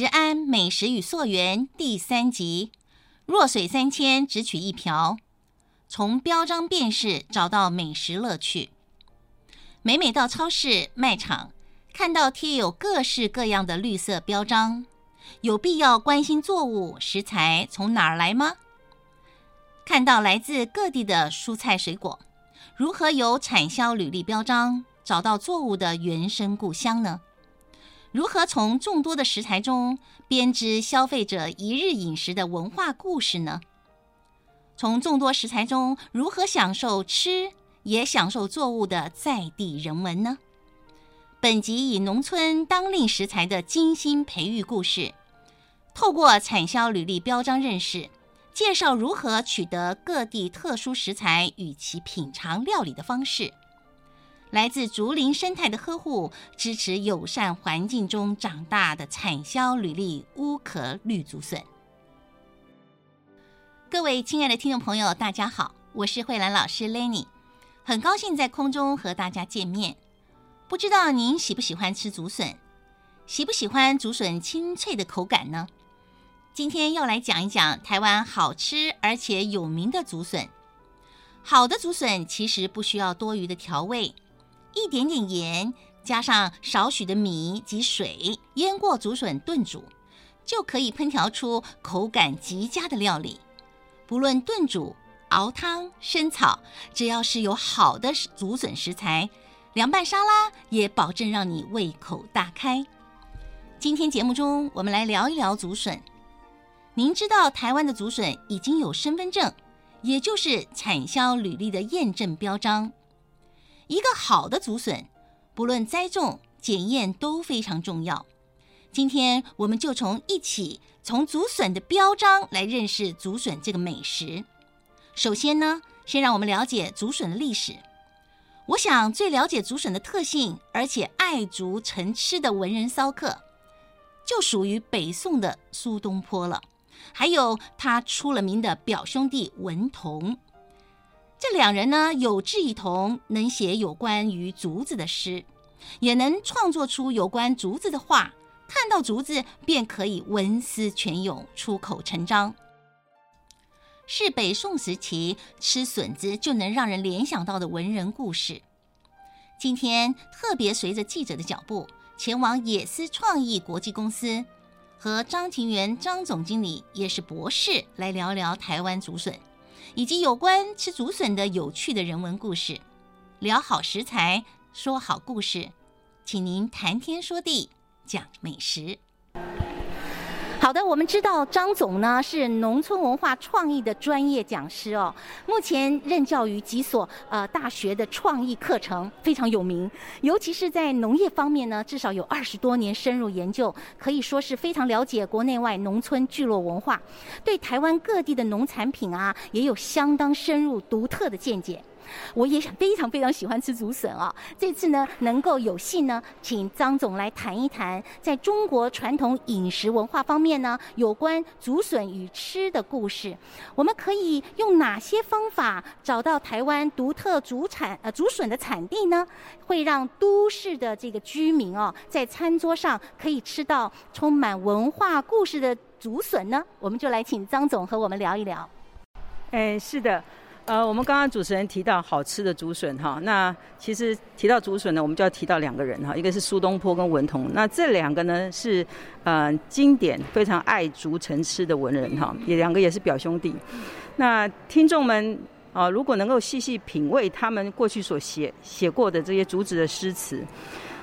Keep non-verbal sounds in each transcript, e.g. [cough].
食安美食與溯源第三集：弱水三千，只取一瓢。從標章辨識，找到美食樂趣。每每到超市、賣場，看到貼有各式各樣的綠色標章，有必要關心作物食材從哪兒來嗎？看到來自各地的蔬菜水果，如何由產銷履歷標章找到作物的原生故鄉呢？如何從眾多的食材中編織消費者一日飲食的文化故事呢？從眾多食材中，如何享受吃，也享受作物的在地人文呢？本集以農村當令食材的精心培育故事，透過產銷履歷標章認識，介紹如何取得各地特殊食材與其品嘗料理的方式。來自竹林生態的呵護，支持友善環境中長大的產銷履歷烏殼綠竹筍。各位親愛的聽眾朋友，大家好，我是慧蘭老師 Lenny，很高興在空中和大家見面。不知道您喜不喜歡吃竹筍？喜不喜歡竹筍清脆的口感呢？今天要來講一講台灣好吃而且有名的竹筍。好的竹筍其實不需要多餘的調味。一點點鹽，加上少許的米及水，醃過竹筍燉煮，就可以烹調出口感極佳的料理。不論燉煮、熬湯、生炒，只要是有好的竹筍食材，涼拌沙拉也保證讓你胃口大開。今天節目中，我們來聊一聊竹筍。您知道，臺灣的竹筍已經有身份證，也就是產銷履歷的驗證標章。一個好的竹筍，不論栽種、檢驗都非常重要。今天我們就從一起從竹筍的標章來認識竹筍這個美食。首先呢，先讓我們了解竹筍的歷史。我想最了解竹筍的特性，而且愛竹成癡的文人騷客，就屬於北宋的蘇東坡了，還有他出了名的表兄弟文同。這兩人呢，有志一同，能寫有關於竹子的詩，也能創作出有關竹子的畫。看到竹子便可以文思泉湧，出口成章。是北宋時期吃筍子就能讓人聯想到的文人故事。今天特別隨着記者的腳步，前往野思創意國際公司，和張情元張總經理，也是博士，來聊聊台灣竹筍。以及有關吃竹筍的有趣的人文故事，聊好食材，說好故事，請您談天說地，講美食。好的，我們知道張總呢是農村文化創意的專業講師哦，目前任教於幾所呃大學的創意課程非常有名，尤其是在農業方面呢，至少有二十多年深入研究，可以說是非常了解國內外農村聚落文化，對台灣各地的農產品啊也有相當深入獨特的見解。我也想非常非常喜歡吃竹筍啊、哦！這次呢，能夠有幸呢，請張總來談一談在中國傳統飲食文化方面呢，有關竹筍與吃的故事。我們可以用哪些方法找到台灣獨特竹產呃，竹筍的產地呢？會讓都市的這個居民啊、哦，在餐桌上可以吃到充滿文化故事的竹筍呢？我們就來請張總和我們聊一聊。誒，是的。呃，我們剛剛主持人提到好吃的竹筍哈，那其實提到竹筍呢，我們就要提到兩個人哈，一個是蘇東坡跟文同，那這兩個呢是呃經典非常愛竹成痴的文人哈，也兩個也是表兄弟。那聽眾們啊、呃，如果能夠細細品味他們過去所寫寫過的這些竹子的詩詞。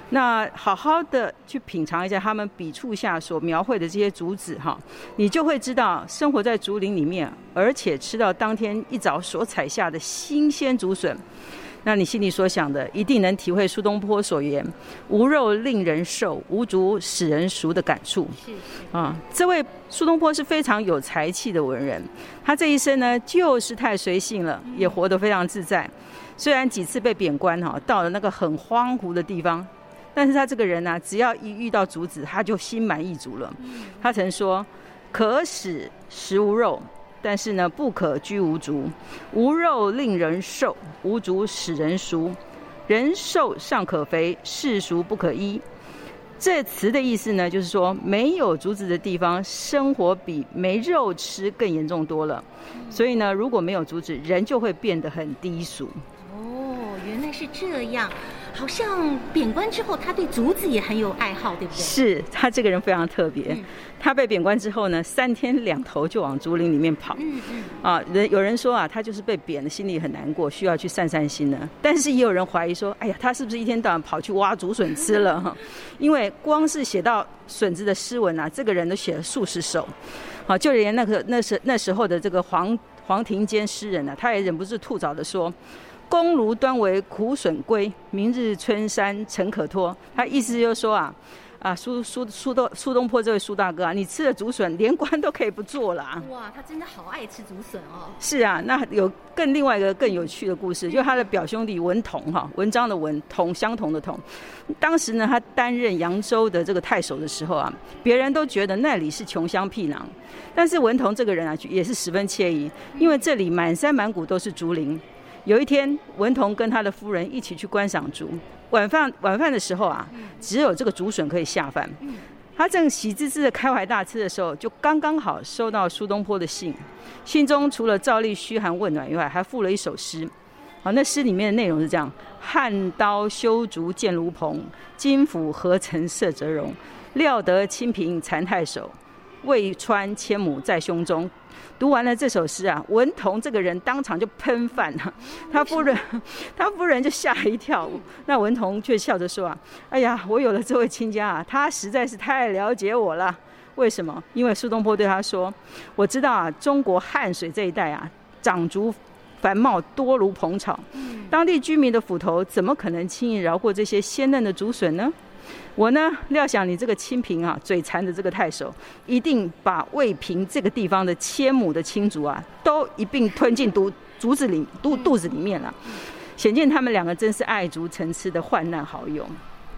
那好好的去品嘗一下他們筆觸下所描繪的這些竹子哈、啊，你就會知道生活在竹林裡面，而且吃到當天一早所採下的新鮮竹筍，那你心裡所想的一定能體會蘇東坡所言“無肉令人瘦，無竹使人俗”的感觸。啊，這位蘇東坡是非常有才氣的文人，他這一生呢就是太隨性了，也活得非常自在。雖然幾次被貶官哈，到了那個很荒蕪的地方。但是他這個人呢、啊，只要一遇到竹子，他就心滿意足了。他曾說：“嗯、可使食無肉，但是呢，不可居無竹。無肉令人瘦，無竹使人俗。人瘦尚可肥，世俗不可醫。”這詞的意思呢，就是說，沒有竹子的地方，生活比沒肉吃更嚴重多了。嗯、所以呢，如果沒有竹子，人就會變得很低俗。哦，原來是這樣。好像貶官之後，他對竹子也很有愛好，對不對？是他這個人非常特別。嗯、他被貶官之後呢，三天兩頭就往竹林裡面跑。嗯嗯。嗯啊，人有人說啊，他就是被貶了，心裡很難過，需要去散散心呢。但是也有人懷疑說，哎呀，他是不是一天到晚跑去挖竹筍吃了？哈、嗯，因為光是寫到筍子的詩文啊，這個人都寫了數十首。好、啊，就連那個那時那時候的這個黃黃庭堅詩人呢、啊，他也忍不住吐槽地說。功廬端為苦筍歸，明日春山誠可託。他意思就是說啊，啊蘇蘇蘇東蘇東坡這位蘇大哥啊，你吃了竹筍，連官都可以不做了啊！哇，他真的好愛吃竹筍哦。是啊，那有更另外一個更有趣的故事，就是他的表兄弟文同哈，文章的文同，相同的同。當時呢，他擔任揚州的這個太守的時候啊，別人都覺得那裡是窮鄉僻壤，但是文同這個人啊，也是十分愜意，因為這裡滿山滿谷都是竹林。有一天，文同跟他的夫人一起去觀賞竹。晚飯晚飯的時候啊，只有這個竹筍可以下飯。他正喜滋滋地開懷大吃的時候，就剛剛好收到蘇東坡的信。信中除了照例噓寒問暖以外，還附了一首詩。好，那詩裡面的內容是這樣：漢刀修竹劍如蓬，金斧何曾赦籜龍。料得清貧，饞太守。渭川千畝在胸中，讀完了這首詩啊，文同這個人當場就噴飯了。他夫人，他夫人就嚇了一跳。那文同卻笑着說啊：“哎呀，我有了這位親家啊，他實在是太了解我了。為什麼？因為蘇東坡對他說，我知道啊，中國漢水這一帶啊，長竹繁茂，多如蓬草。當地居民的斧頭怎麼可能輕易饒過這些鮮嫩的竹筍呢？”我呢，料想你這個清貧啊，嘴饞的這個太守，一定把渭平這個地方的千畝的青竹啊，都一併吞進肚竹子裡肚肚子裡面了。顯見他們兩個真是愛竹成痴的患難好友。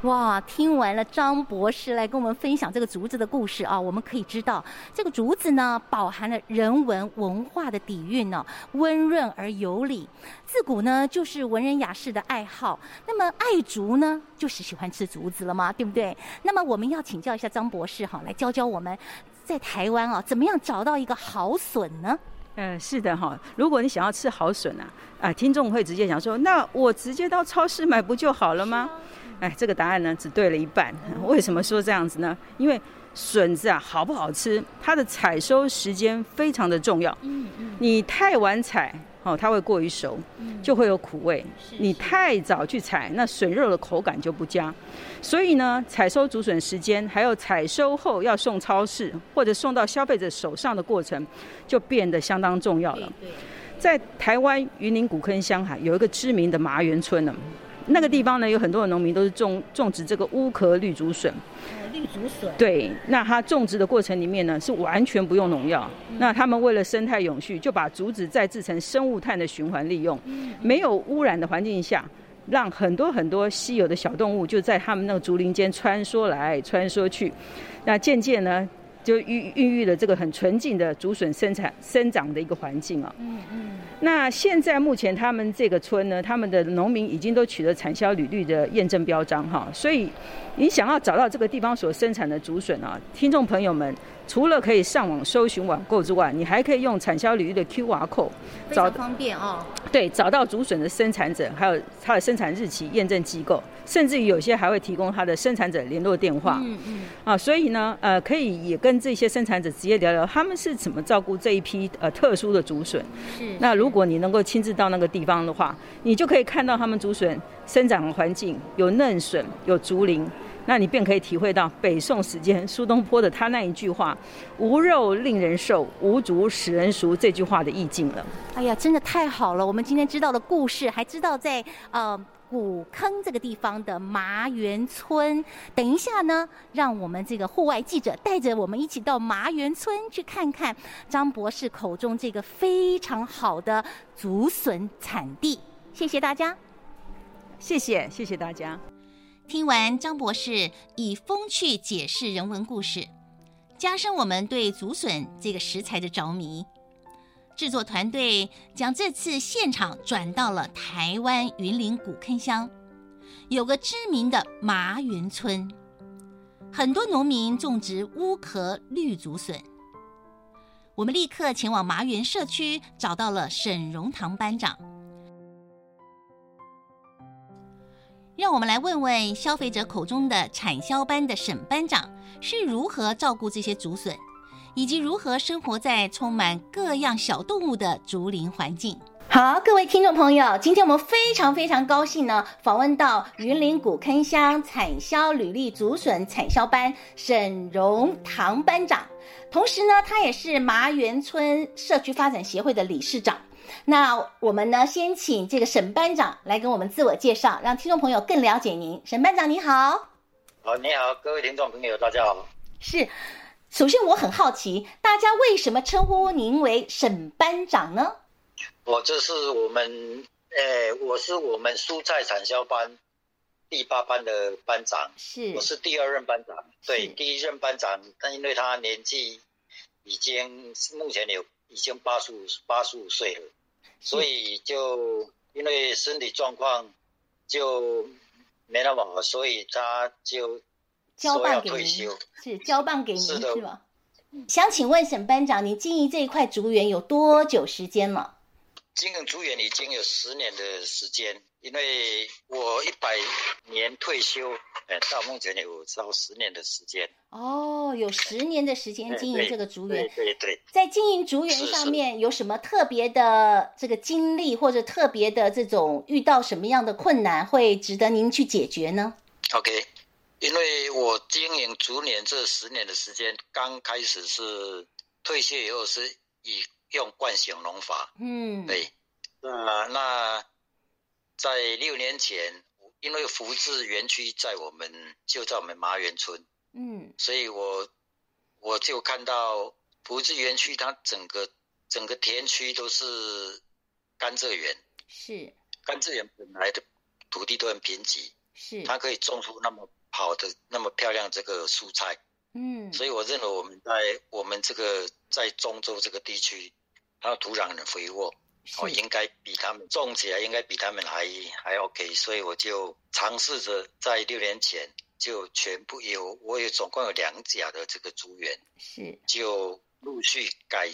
哇！聽完了張博士來跟我們分享這個竹子的故事啊，我們可以知道這個竹子呢，飽含了人文文化的底蘊呢、啊，溫潤而有禮，自古呢就是文人雅士的愛好。那麼愛竹呢，就是喜歡吃竹子了嗎？對不對？那麼我們要請教一下張博士哈、啊，來教教我們在台灣啊，怎麼樣找到一個好筍呢？嗯、呃，是的哈、哦，如果你想要吃好筍啊啊，聽眾會直接講說，那我直接到超市買不就好了嗎？哎，這個答案呢，只對了一半。為什麼說這樣子呢？因為筍子啊，好不好吃，它的採收時間非常的重要。嗯，你太晚採，哦，它會過於熟，就會有苦味。嗯、是是，你太早去採，那筍肉的口感就不佳。所以呢，採收竹筍時間，還有採收後要送超市或者送到消費者手上的過程，就變得相當重要了。在台灣雲林古坑鄉啊，有一個知名的麻園村呢、啊。那個地方呢，有很多的農民都是種種植這個烏殼綠竹筍，綠竹筍。對，那它種植的過程裡面呢，是完全不用農藥。嗯、那他們為了生態永續，就把竹子再製成生物炭的循環利用，沒有污染的環境下，讓很多很多稀有的小動物就在他們那個竹林間穿梭來穿梭去，那漸漸呢。就孕孕育了這個很純淨的竹筍生產生長的一個環境啊。嗯嗯。那現在目前他們這個村呢，他們的農民已經都取得產銷履歷的驗證標章哈、啊，所以你想要找到這個地方所生產的竹筍啊，聽眾朋友們，除了可以上網搜尋網購之外，你還可以用產銷履歷的 QR code，非常方便啊、哦。對，找到竹筍的生產者，還有它的生產日期驗證機構，甚至於有些還會提供它的生產者聯絡電話。嗯嗯，嗯啊，所以呢，呃，可以也跟這些生產者直接聊聊，他們是怎麼照顧這一批呃特殊的竹筍。是，那如果你能夠親自到那個地方的話，你就可以看到他們竹筍生長的環境，有嫩筍，有竹林。那你便可以體會到北宋時間蘇東坡的他那一句話“無肉令人瘦，無竹使人俗”這句話的意境了。哎呀，真的太好了！我們今天知道的故事，還知道在呃古坑這個地方的麻園村。等一下呢，讓我們這個戶外記者帶着我們一起到麻園村去看看張博士口中這個非常好的竹筍產地。謝謝大家，謝謝謝謝大家。聽完張博士以風趣解釋人文故事，加深我們對竹筍這個食材的着迷。制作團隊將這次現場轉到了台灣雲林古坑鄉，有個知名的麻園村，很多農民種植烏殼綠竹筍。我們立刻前往麻園社區，找到了沈榮堂班長。讓我們來問問消費者口中的產銷班的沈班長是如何照顧這些竹筍，以及如何生活在充滿各樣小動物的竹林環境。好，各位聽眾朋友，今天我們非常非常高興呢，訪問到雲林古坑鄉產銷履歷竹筍產銷班沈榮堂班長，同時呢，他也是麻園村社區發展協會的理事長。那我們呢，先請這個沈班長來跟我們自我介紹，讓聽眾朋友更了解您。沈班長，你好。好，你好，各位聽眾朋友，大家好。是，首先我很好奇，大家為什麼稱呼您為沈班長呢？我這是我們，呃、哎，我是我們蔬菜產銷班第八班的班長，是，我是第二任班長，對，是第一任班長，但因為他年紀已經目前有已經八十五八十五歲了。所以就因為身體狀況，就沒那麽好，所以他就交辦退休，是交辦給你，是交辦給您，是的，是吧？想請問沈班長，您經營這一塊竹園有多久時間了？經營竹園已經有十年的時間，因為我一百年退休。哎，到目前有到十年的時間哦，有十年的時間經營這個竹園。對對。對對對對，在經營竹園上面是是有什麼特別的這個經歷，或者特別的這種遇到什麼樣的困難，會值得您去解決呢？OK，因為我經營竹園這十年的時間，剛開始是退休以後是以用慣行農法。嗯，對。那那在六年前。因為福智園區在我們就在我們麻園村，嗯，所以我我就看到福智園區它整個整個田區都是甘蔗園，是甘蔗園。本來的土地都很貧瘠，是它可以種出那麼好的那麼漂亮這個蔬菜，嗯，所以我認為我們在我們這個在中州這個地區，它的土壤很肥沃。我是應該比他們種起來，應該比他們還還 OK，所以我就嘗試着在六年前就全部有，我有總共有兩甲的這個竹園，是就陸續改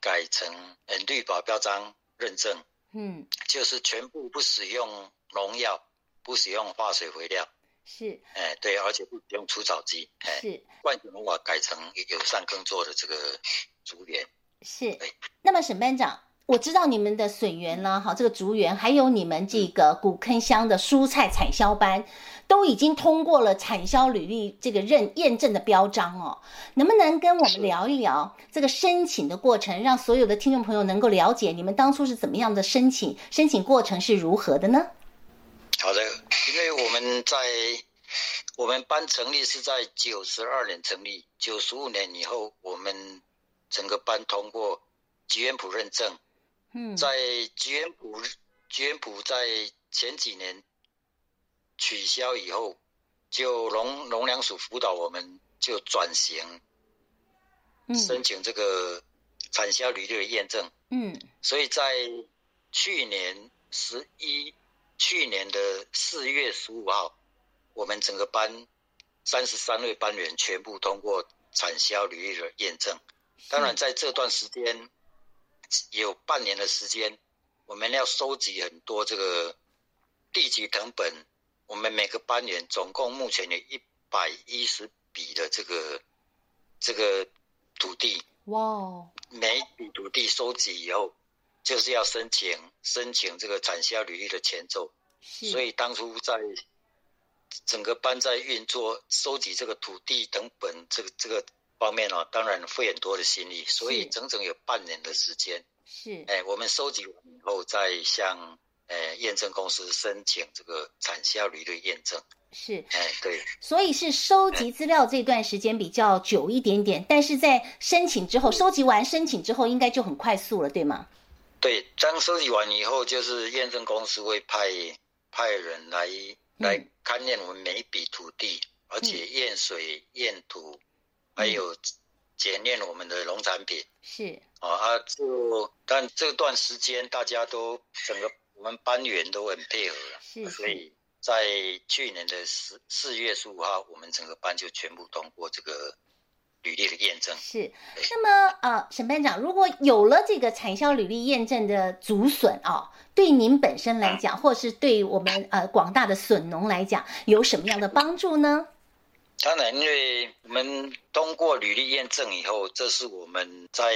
改成嗯綠保標章認證，嗯，就是全部不使用農藥，不使用化學肥料，是，哎、嗯、對，而且不使用除草劑，哎、嗯，換成我改成友善耕作的這個竹園，是，對那麼沈班長。我知道你們的水源啦，好，這個竹園，還有你們這個古坑鄉的蔬菜產銷班，都已經通過了產銷履歷這個認驗證的標章哦。能不能跟我們聊一聊這個申請的過程，是讓所有的聽眾朋友能夠了解你們當初是怎麼樣的申請，申請過程是如何的呢？好的，因為我們在我們班成立是在九十二年成立，九十五年以後，我們整個班通過吉園圃認證。在吉園圃，吉園圃在前幾年取消以後，就農，農糧署輔導我們就轉型，申請這個產銷履歷的驗證。嗯，所以在去年十一，去年的四月十五號，我們整個班三十三位班員全部通過產銷履歷的驗證。當然在這段時間。嗯有半年的時間，我們要收集很多這個地籍謄本。我們每個班員總共目前有一百一十筆的這個這個土地。哇！Wow. 每一筆土地收集以後，就是要申請申請這個產銷履歷的前奏。是所以當初在整個班在運作收集這個土地謄本這個這個。這個方面哦，當然費很多的心力，所以整整有半年的時間。是，哎、欸，我們收集完以後，再向呃、欸、驗證公司申請這個產銷履歷的驗證。是，哎、欸，對。所以是收集資料這段時間比較久一點點，嗯、但是在申請之後，收對集完申請之後，應該就很快速了，對嗎？對，當收集完以後，就是驗證公司會派派人來來勘驗我們每一筆土地，嗯、而且驗水、驗土。嗯還有檢驗我們的農產品啊，是啊，啊，就但這段時間大家都整個我們班員都很配合，是，所以在去年的四四月十五號，我們整個班就全部通過這個履歷的驗證。是，是，對 那麼呃，沈班長，如果有了這個產銷履歷驗證的竹筍啊，對您本身來講，或是對我們呃廣大的筍農來講，有什麼樣的幫助呢？當然，因為我們通過履歷驗證以後，這是我們在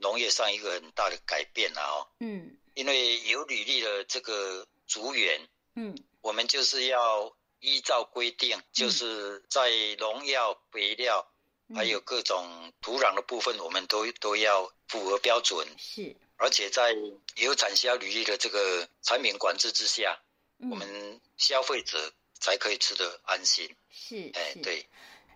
農業上一個很大的改變了哦。嗯，因為有履歷的這個組員，嗯，我們就是要依照規定，嗯、就是在農藥、肥料、嗯、還有各種土壤的部分，我們都都要符合標準。是，而且在有產銷履歷的這個產品管制之下，嗯、我們消費者才可以吃得安心。是，哎，對。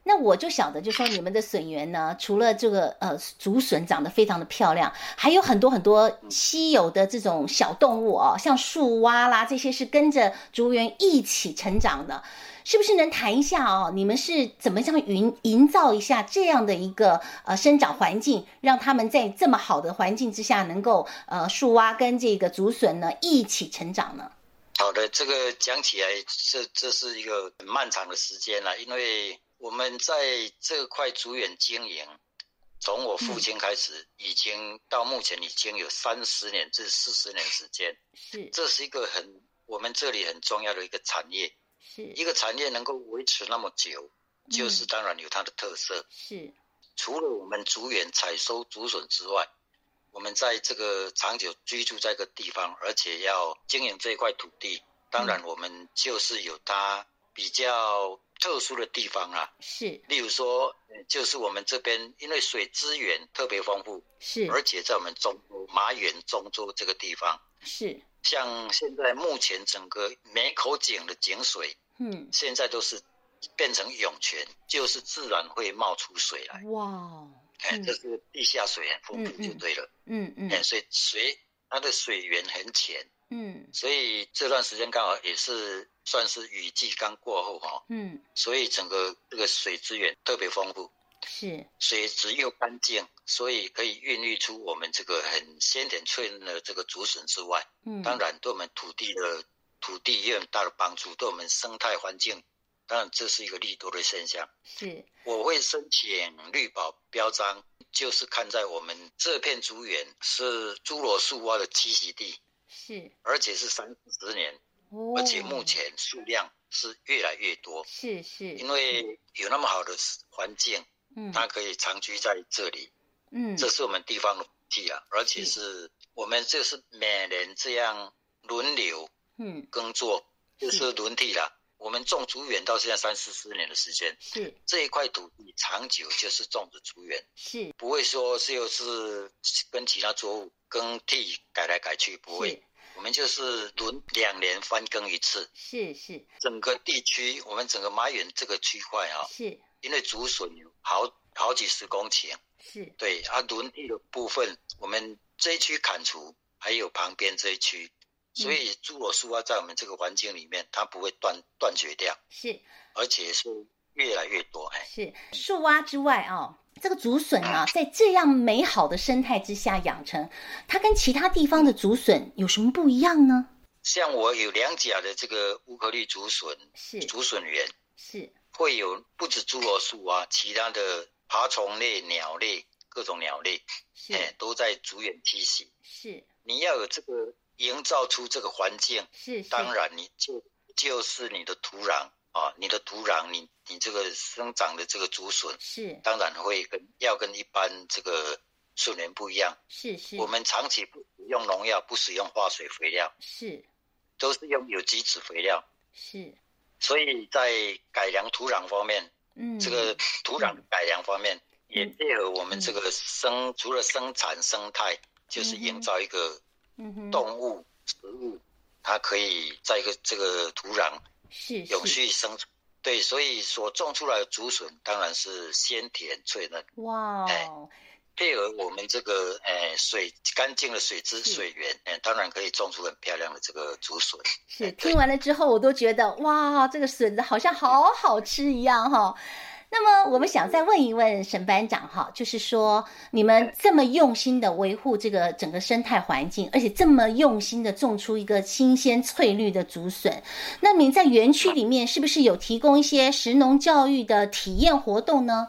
那我就曉得，就說你們的筍園呢，除了這個呃竹筍長得非常的漂亮，還有很多很多稀有的這種小動物哦，嗯、像樹蛙啦，這些是跟着竹園一起成長的，是不是？能談一下哦，你們是怎麼像營營造一下這樣的一個呃生長環境，讓他們在這麼好的環境之下，能夠呃樹蛙跟這個竹筍呢一起成長呢？好的，這個講起來，這這是一個很漫長的時間了，啊，因為我們在這塊竹園經營，從我父親開始，嗯、已經到目前已經有三十年至四十年時間。是，這是一個很我們這裡很重要的一個產業。是，一個產業能夠維持那麼久，就是當然有它的特色。嗯、是，除了我們竹園採收竹筍之外，我們在這個長久居住在一個地方，而且要經營這塊土地，當然我們就是有它比較特殊的地方啊。是。例如說，就是我們這邊因為水資源特別豐富。是。而且在我們中州馬遠中州這個地方。是。像現在目前整個每口井的井水，嗯，現在都是變成湧泉，就是自然會冒出水來。哇。哎，嗯、這是地下水很豐富就對了。嗯嗯，哎、嗯，嗯嗯、所以水水它的水源很淺。嗯，所以這段時間剛好也是算是雨季剛過後哈、哦。嗯，所以整個這個水資源特別豐富，是。水質又乾淨，所以可以孕育出我們這個很鮮甜脆嫩的這個竹筍之外，嗯，當然對我們土地的土地也有很大的幫助，對我們生態環境。當然，這是一個利多的現象。是，我會申請綠保標章，就是看在我們這片竹園是諸羅樹蛙的棲息地。是，而且是三十年，哦、而且目前數量是越來越多。是是，是是因為有那麼好的環境，嗯、它可以長居在這裡。嗯，這是我們地方的福啊，而且是，是我們這是每年這樣輪流嗯，耕作，就是輪替了、啊。我們種竹園到現在三四十年的時間，是這一塊土地長久就是種植竹園，是不會說是又是跟其他作物更替改來改去，不會。是我們就是輪兩年翻耕一次，是是。是整個地區，我們整個馬遠這個區塊啊、哦，是，因為竹筍好好幾十公頃，是。對，它、啊、輪地的部分，我們這一區砍除，還有旁邊這一區。所以諸羅樹蛙在我們這個環境裡面，嗯、它不會斷斷絕掉，是，而且是越來越多。是樹蛙之外，哦，這個竹筍啊，嗯、在這樣美好的生態之下養成，它跟其他地方的竹筍有什麼不一樣呢？像我有兩甲的這個烏殼綠竹筍，是竹筍園，是會有不止諸羅樹蛙，其他的爬蟲類、鳥類，各種鳥類，哎是、欸，都在竹園棲息。是，你要有這個。營造出這個環境，是，是當然，你就就是你的土壤啊，你的土壤，你你這個生長的這個竹筍，是當然會跟要跟一般這個樹林不一樣，是是。我們長期不使用農藥，不使用化學肥料，是都是用有機質肥料，是。所以在改良土壤方面，嗯，這個土壤改良方面，嗯、也配合我們這個生、嗯、除了生產生態，嗯、哼就是營造一個。嗯哼、動物、植物，它可以在一個這個土壤，是永續生存。是是對，所以所種出來的竹筍當然是鮮甜脆嫩。哇 Wow，哎、欸，配合我們這個、欸、水乾淨的水質水源，哎是、欸，當然可以種出很漂亮的這個竹筍。是，欸、聽完了之後我都覺得哇，這個筍子好像好好吃一樣哈、哦。 [laughs] 那麼，我們想再問一問沈班長哈，就是說，你們這麼用心的維護這個整個生態環境，而且這麼用心的種出一個新鮮翠綠的竹筍，那你在園區裡面是不是有提供一些食農教育的體驗活動呢？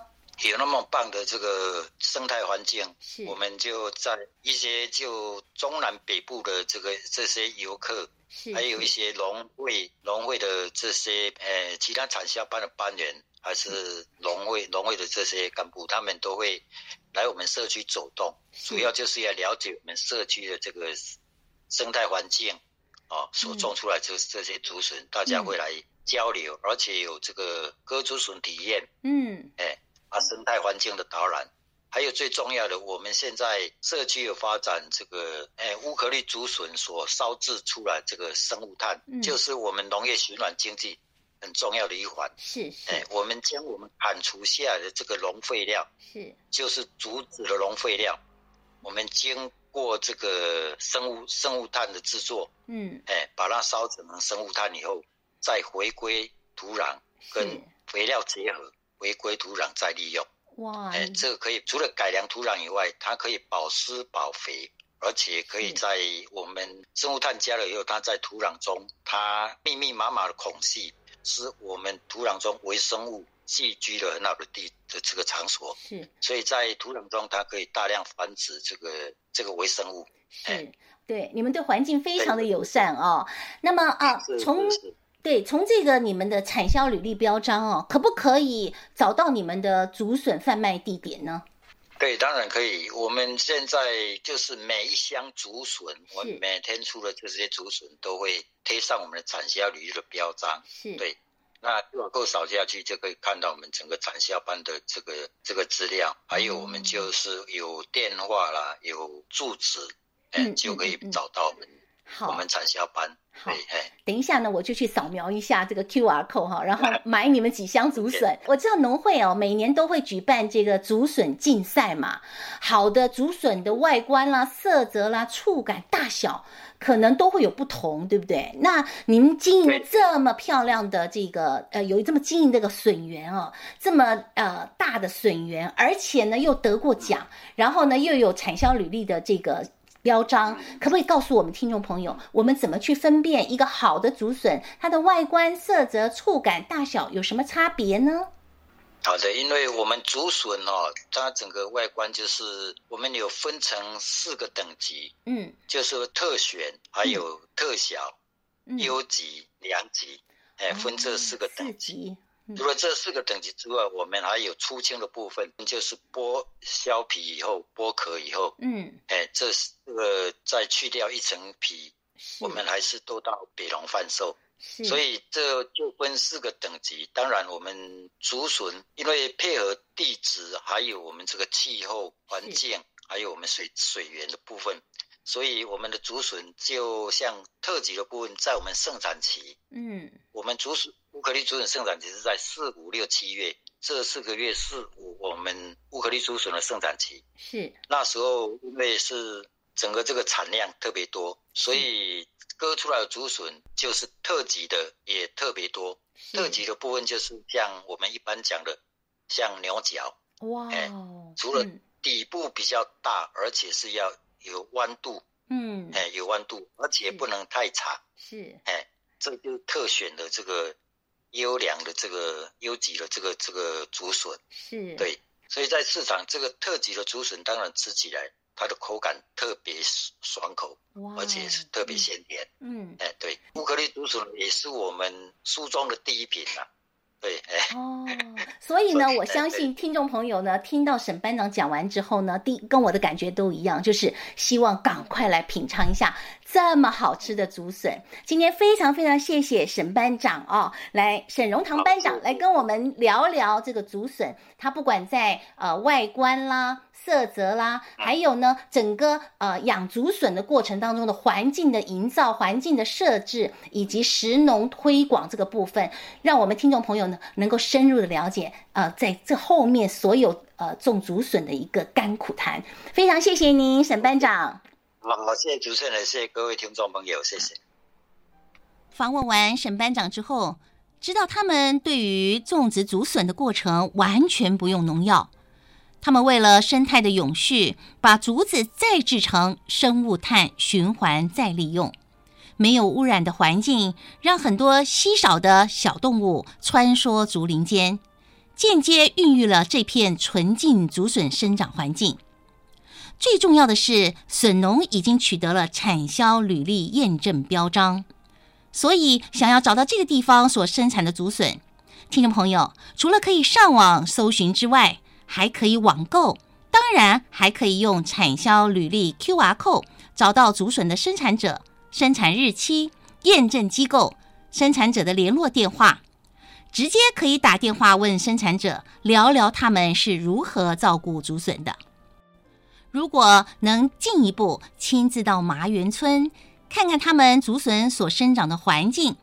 有那麼棒的這個生態環境，是我們就在一些就中南北部的這個這些遊客，是是還有一些農會農會的這些呃其他產銷班的班員。還是農會、農會的這些幹部，他們都會來我們社區走動，是主要就是要了解我們社區的這個生態環境啊，所種出來這這些竹筍，嗯、大家會來交流，而且有這個割竹筍體驗，嗯，哎，啊，生態環境的導覽，還有最重要的，我們現在社區有發展這個哎烏殼綠竹筍所燒製出來這個生物炭，嗯、就是我們農業循環經濟。很重要的一環是，是，哎、欸，我們將我們砍除下來的這個農廢料，是，就是竹子的農廢料，我們經過這個生物生物炭的製作，嗯，哎、欸，把它燒成生物炭以後，再回歸土壤跟肥料結合，回歸土壤再利用，哇是，哎、欸，這個可以除了改良土壤以外，它可以保濕保肥，而且可以在我們生物炭加了以後，它在土壤中，它密密麻麻的孔隙。是我們土壤中微生物寄居的很好的地的這個場所。是，所以在土壤中它可以大量繁殖這個這個微生物。是，對，你們對環境非常的友善對哦。那麼啊，從是，對，從這個你們的產銷履歷標章哦，可不可以找到你們的竹筍販賣地點呢？對，當然可以。我們現在就是每一箱竹筍，是我們每天出的這些竹筍都會貼上我們的產銷履歷的標章。是對，那如果夠掃下去，就可以看到我們整個產銷班的這個這個資料，還有我們就是有電話啦，有住址，嗯，嗯，嗯，嗯，嗯，就可以找到我們。好我們產銷班，好，嘿嘿，等一下呢，我就去掃描一下這個 QR code 哈，然後買你們幾箱竹筍。 [laughs] 我知道農會哦，每年都會舉辦這個竹筍競賽嘛。好的竹筍的外觀啦、色澤啦、觸感、大小，可能都會有不同，對不對？那你們經營這麼漂亮的這個對呃，有這麼經營這個筍園哦，這麼呃大的筍園，而且呢又得過獎，嗯、然後呢又有產銷履歷的這個標章可不可以告訴我們聽眾朋友，我們怎麼去分辨一個好的竹筍？它的外觀、色澤、觸感、大小有什麼差別呢？好的，因為我們竹筍哦，它整個外觀就是我們有分成四個等級，嗯，就是特選，還有特小、嗯、優級、良級，哎、嗯，分這四個等級。除了這四個等級之外，我們還有出清的部分，就是剝削皮以後，剝殼以後，嗯，哎，這四個再去掉一層皮，是我們還是都到北農販售。是所以這就分四個等級。當然，我們竹筍因為配合地質，還有我們這個氣候環境，是還有我們水水源的部分，所以我們的竹筍就像特級的部分，在我們盛產期，嗯，我們竹筍。烏殼綠竹筍生產期是在四五六七月，這四個月是我我們烏殼綠竹筍的生產期。是，那時候因為是整個這個產量特別多，嗯、所以割出來的竹筍就是特級的也特別多。是特級的部分就是像我們一般講的，像牛角，哇。除了底部比較大，而且是要有彎度，嗯，哎，有彎度，而且不能太長。是，哎，是這就是特選的這個。優良的這個優級的這個這個竹筍是耶 對，所以在市場這個特級的竹筍，當然吃起來它的口感特別爽口，wow, 而且是特別鮮甜。嗯，哎、嗯，對，烏殼綠竹筍也是我們書中的第一品吶、啊。 [laughs] 哦，所以呢，我相信聽眾朋友呢，聽到沈班長講完之後呢，第跟我的感覺都一樣，就是希望趕快來品嘗一下這麼好吃的竹筍。今天非常非常謝謝沈班長啊、哦，來沈榮堂班長 [laughs] 來跟我們聊聊這個竹筍，它不管在呃外觀啦。色澤啦，還有呢，整個呃養竹筍的過程當中的環境的營造、環境的設置以及食農推廣這個部分，讓我們聽眾朋友呢能夠深入的了解呃在這後面所有呃種竹筍的一個甘苦談。非常謝謝您，沈班長。好，啊，謝謝主持人，謝謝各位聽眾朋友，謝謝。訪問完沈班長之後，知道他們對於種植竹筍的過程完全不用農藥。他們為了生態的永續，把竹子再製成生物炭，循環再利用，沒有污染的環境，讓很多稀少的小動物穿梭竹林間，間接孕育了這片純淨竹筍生長環境。最重要的是，筍農已經取得了產銷履歷驗證標章，所以想要找到這個地方所生產的竹筍，聽眾朋友除了可以上網搜尋之外，還可以網購，當然還可以用產銷履歷 QR code 找到竹筍的生產者、生產日期、驗證機構、生產者的聯絡電話，直接可以打電話問生產者，聊聊他們是如何照顧竹筍的。如果能進一步親自到麻園村看看他們竹筍所生長的環境，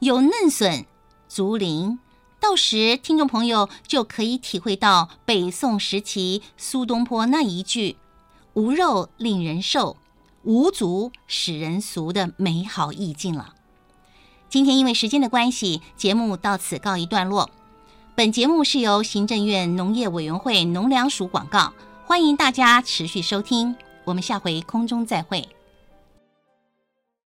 有嫩筍、竹林。到時，聽眾朋友就可以體會到北宋時期蘇東坡那一句“無肉令人瘦，無竹使人俗”的美好意境了。今天因為時間的關係，節目到此告一段落。本節目是由行政院農業委員會農糧署廣告，歡迎大家持續收聽。我們下回空中再會。